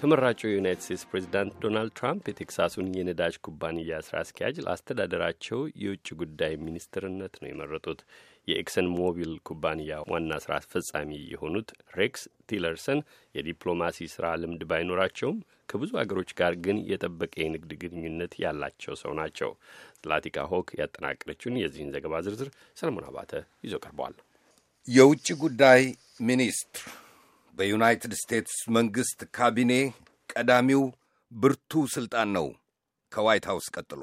ተመራጩ የዩናይትድ ስቴትስ ፕሬዚዳንት ዶናልድ ትራምፕ የቴክሳሱን የነዳጅ ኩባንያ ስራ አስኪያጅ ለአስተዳደራቸው የውጭ ጉዳይ ሚኒስትርነት ነው የመረጡት። የኤክሰን ሞቢል ኩባንያ ዋና ስራ አስፈጻሚ የሆኑት ሬክስ ቲለርሰን የዲፕሎማሲ ስራ ልምድ ባይኖራቸውም ከብዙ አገሮች ጋር ግን የጠበቀ የንግድ ግንኙነት ያላቸው ሰው ናቸው። ዝላቲካ ሆክ ያጠናቀረችውን የዚህን ዘገባ ዝርዝር ሰለሞን አባተ ይዞ ቀርበዋል። የውጭ ጉዳይ ሚኒስትር በዩናይትድ ስቴትስ መንግሥት ካቢኔ ቀዳሚው ብርቱ ሥልጣን ነው ከዋይት ሃውስ ቀጥሎ።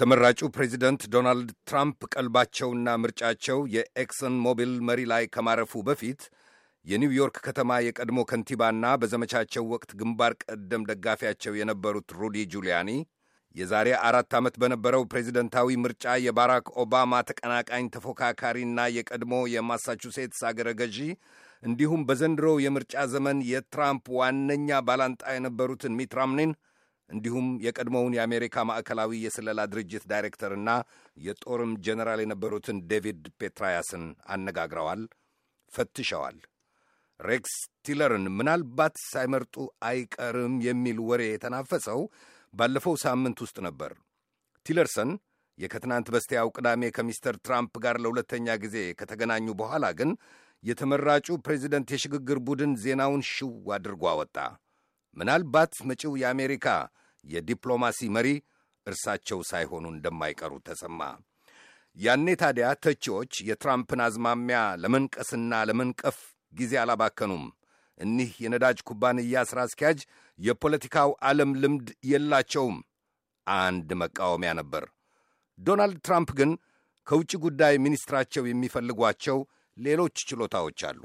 ተመራጩ ፕሬዚደንት ዶናልድ ትራምፕ ቀልባቸውና ምርጫቸው የኤክሰን ሞቢል መሪ ላይ ከማረፉ በፊት የኒውዮርክ ከተማ የቀድሞ ከንቲባና በዘመቻቸው ወቅት ግንባር ቀደም ደጋፊያቸው የነበሩት ሩዲ ጁሊያኒ የዛሬ አራት ዓመት በነበረው ፕሬዚደንታዊ ምርጫ የባራክ ኦባማ ተቀናቃኝ ተፎካካሪና የቀድሞ የማሳቹሴትስ አገረ ገዢ እንዲሁም በዘንድሮው የምርጫ ዘመን የትራምፕ ዋነኛ ባላንጣ የነበሩትን ሚትራምኒን እንዲሁም የቀድሞውን የአሜሪካ ማዕከላዊ የስለላ ድርጅት ዳይሬክተርና የጦርም ጀኔራል የነበሩትን ዴቪድ ፔትራያስን አነጋግረዋል፣ ፈትሸዋል። ሬክስ ቲለርን ምናልባት ሳይመርጡ አይቀርም የሚል ወሬ የተናፈሰው ባለፈው ሳምንት ውስጥ ነበር። ቲለርሰን የከትናንት በስቲያው ቅዳሜ ከሚስተር ትራምፕ ጋር ለሁለተኛ ጊዜ ከተገናኙ በኋላ ግን የተመራጩ ፕሬዚደንት የሽግግር ቡድን ዜናውን ሽው አድርጎ አወጣ። ምናልባት መጪው የአሜሪካ የዲፕሎማሲ መሪ እርሳቸው ሳይሆኑ እንደማይቀሩ ተሰማ። ያኔ ታዲያ ተቺዎች የትራምፕን አዝማሚያ ለመንቀስና ለመንቀፍ ጊዜ አላባከኑም። እኒህ የነዳጅ ኩባንያ ሥራ አስኪያጅ የፖለቲካው ዓለም ልምድ የላቸውም። አንድ መቃወሚያ ነበር። ዶናልድ ትራምፕ ግን ከውጭ ጉዳይ ሚኒስትራቸው የሚፈልጓቸው ሌሎች ችሎታዎች አሉ።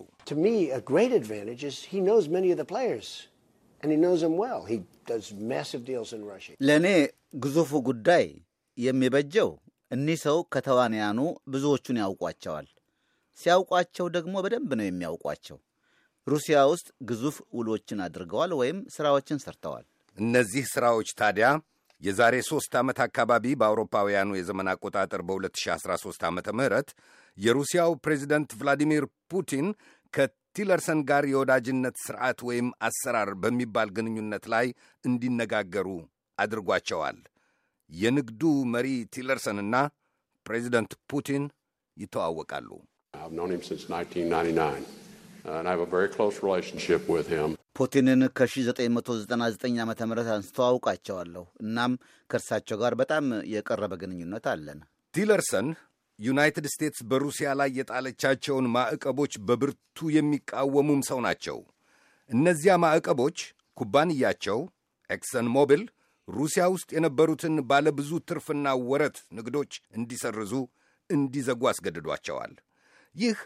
ለእኔ ግዙፉ ጉዳይ የሚበጀው እኒህ ሰው ከተዋንያኑ ብዙዎቹን ያውቋቸዋል። ሲያውቋቸው ደግሞ በደንብ ነው የሚያውቋቸው። ሩሲያ ውስጥ ግዙፍ ውሎችን አድርገዋል ወይም ስራዎችን ሰርተዋል። እነዚህ ስራዎች ታዲያ የዛሬ ሦስት ዓመት አካባቢ በአውሮፓውያኑ የዘመን አቆጣጠር በ2013 ዓ ም የሩሲያው ፕሬዚደንት ቭላዲሚር ፑቲን ከቲለርሰን ጋር የወዳጅነት ሥርዓት ወይም አሰራር በሚባል ግንኙነት ላይ እንዲነጋገሩ አድርጓቸዋል። የንግዱ መሪ ቲለርሰንና ፕሬዚደንት ፑቲን ይተዋወቃሉ። ፑቲንን ከ1999 ዓ ም አንስቶ አውቃቸዋለሁ። እናም ከእርሳቸው ጋር በጣም የቀረበ ግንኙነት አለን። ቲለርሰን ዩናይትድ ስቴትስ በሩሲያ ላይ የጣለቻቸውን ማዕቀቦች በብርቱ የሚቃወሙም ሰው ናቸው። እነዚያ ማዕቀቦች ኩባንያቸው ኤክሰን ሞቢል ሩሲያ ውስጥ የነበሩትን ባለብዙ ትርፍና ወረት ንግዶች እንዲሰርዙ፣ እንዲዘጉ አስገድዷቸዋል። ይህ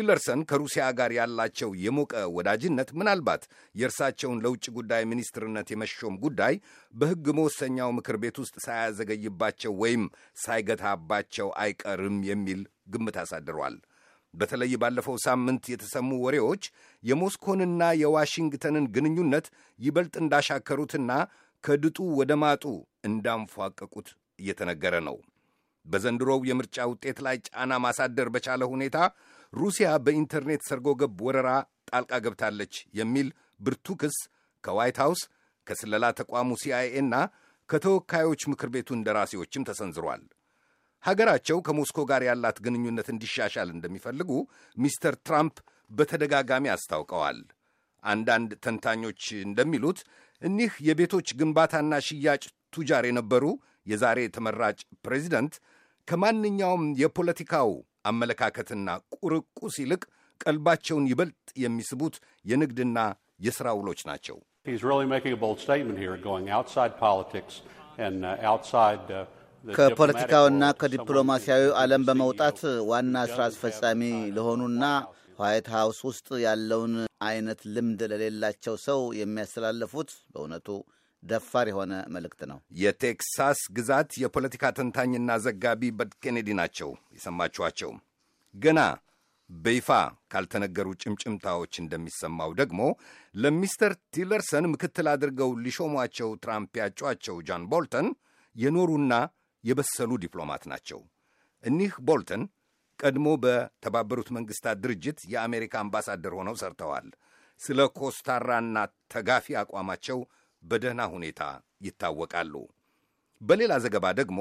ቲለርሰን ከሩሲያ ጋር ያላቸው የሞቀ ወዳጅነት ምናልባት የእርሳቸውን ለውጭ ጉዳይ ሚኒስትርነት የመሾም ጉዳይ በሕግ መወሰኛው ምክር ቤት ውስጥ ሳያዘገይባቸው ወይም ሳይገታባቸው አይቀርም የሚል ግምት አሳድሯል። በተለይ ባለፈው ሳምንት የተሰሙ ወሬዎች የሞስኮንና የዋሽንግተንን ግንኙነት ይበልጥ እንዳሻከሩትና ከድጡ ወደ ማጡ እንዳንፏቀቁት እየተነገረ ነው። በዘንድሮው የምርጫ ውጤት ላይ ጫና ማሳደር በቻለ ሁኔታ ሩሲያ በኢንተርኔት ሰርጎ ገብ ወረራ ጣልቃ ገብታለች የሚል ብርቱ ክስ ከዋይት ሃውስ ከስለላ ተቋሙ ሲአይኤ እና ከተወካዮች ምክር ቤቱ እንደራሴዎችም ተሰንዝሯል። ሀገራቸው ከሞስኮ ጋር ያላት ግንኙነት እንዲሻሻል እንደሚፈልጉ ሚስተር ትራምፕ በተደጋጋሚ አስታውቀዋል። አንዳንድ ተንታኞች እንደሚሉት እኒህ የቤቶች ግንባታና ሽያጭ ቱጃር የነበሩ የዛሬ ተመራጭ ፕሬዚደንት ከማንኛውም የፖለቲካው አመለካከትና ቁርቁስ ይልቅ ቀልባቸውን ይበልጥ የሚስቡት የንግድና የሥራ ውሎች ናቸው። uh, uh, ከፖለቲካውና ከዲፕሎማሲያዊ ዓለም e በመውጣት ዋና ሥራ አስፈጻሚ ለሆኑና ዋይት ሃውስ ውስጥ ያለውን አይነት ልምድ ለሌላቸው ሰው የሚያስተላልፉት በእውነቱ ደፋር የሆነ መልእክት ነው። የቴክሳስ ግዛት የፖለቲካ ተንታኝና ዘጋቢ በድ ኬኔዲ ናቸው የሰማችኋቸው። ገና በይፋ ካልተነገሩ ጭምጭምታዎች እንደሚሰማው ደግሞ ለሚስተር ቲለርሰን ምክትል አድርገው ሊሾሟቸው ትራምፕ ያጯቸው ጃን ቦልተን የኖሩና የበሰሉ ዲፕሎማት ናቸው። እኒህ ቦልተን ቀድሞ በተባበሩት መንግሥታት ድርጅት የአሜሪካ አምባሳደር ሆነው ሰርተዋል። ስለ ኮስታራና ተጋፊ አቋማቸው በደህና ሁኔታ ይታወቃሉ። በሌላ ዘገባ ደግሞ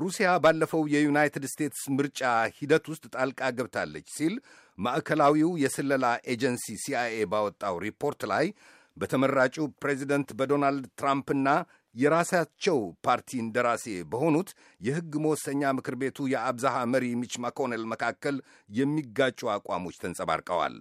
ሩሲያ ባለፈው የዩናይትድ ስቴትስ ምርጫ ሂደት ውስጥ ጣልቃ ገብታለች ሲል ማዕከላዊው የስለላ ኤጀንሲ ሲአይኤ ባወጣው ሪፖርት ላይ በተመራጩ ፕሬዚደንት በዶናልድ ትራምፕና የራሳቸው ፓርቲ እንደራሴ በሆኑት የሕግ መወሰኛ ምክር ቤቱ የአብዛሃ መሪ ሚች ማኮነል መካከል የሚጋጩ አቋሞች ተንጸባርቀዋል።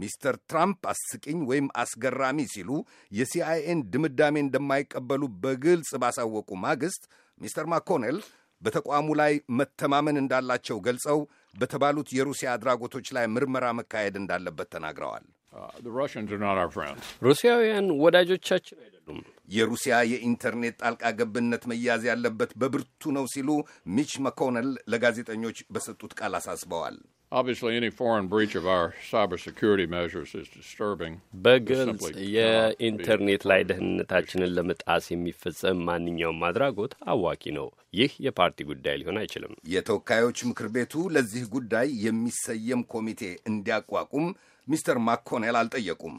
ሚስተር ትራምፕ አስቂኝ ወይም አስገራሚ ሲሉ የሲአይኤን ድምዳሜ እንደማይቀበሉ በግልጽ ባሳወቁ ማግስት ሚስተር ማኮኔል በተቋሙ ላይ መተማመን እንዳላቸው ገልጸው በተባሉት የሩሲያ አድራጎቶች ላይ ምርመራ መካሄድ እንዳለበት ተናግረዋል። uh, ሩሲያውያን ወዳጆቻችን አይደሉም። የሩሲያ የኢንተርኔት ጣልቃ ገብነት መያዝ ያለበት በብርቱ ነው ሲሉ ሚች መኮነል ለጋዜጠኞች በሰጡት ቃል አሳስበዋል። Obviously, any foreign breach of our cybersecurity measures is disturbing. በግልጽ የኢንተርኔት ላይ ደህንነታችንን ለመጣስ የሚፈጸም ማንኛውም አድራጎት አዋኪ ነው። ይህ የፓርቲ ጉዳይ ሊሆን አይችልም። የተወካዮች ምክር ቤቱ ለዚህ ጉዳይ የሚሰየም ኮሚቴ እንዲያቋቁም ሚስተር ማኮኔል አልጠየቁም።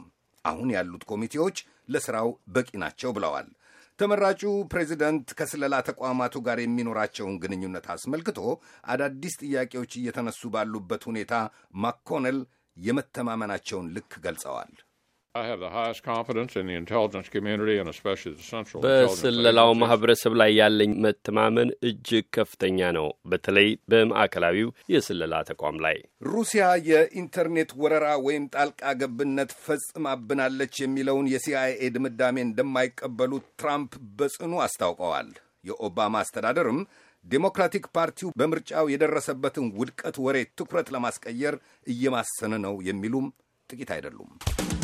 አሁን ያሉት ኮሚቴዎች ለስራው በቂ ናቸው ብለዋል። ተመራጩ ፕሬዚደንት ከስለላ ተቋማቱ ጋር የሚኖራቸውን ግንኙነት አስመልክቶ አዳዲስ ጥያቄዎች እየተነሱ ባሉበት ሁኔታ ማኮነል የመተማመናቸውን ልክ ገልጸዋል። በስለላው ማህበረሰብ ላይ ያለኝ መተማመን እጅግ ከፍተኛ ነው፣ በተለይ በማዕከላዊው የስለላ ተቋም ላይ። ሩሲያ የኢንተርኔት ወረራ ወይም ጣልቃ ገብነት ፈጽማብናለች የሚለውን የሲአይኤ ድምዳሜ እንደማይቀበሉ ትራምፕ በጽኑ አስታውቀዋል። የኦባማ አስተዳደርም ዴሞክራቲክ ፓርቲው በምርጫው የደረሰበትን ውድቀት ወሬ ትኩረት ለማስቀየር እየማሰነ ነው የሚሉም ጥቂት አይደሉም።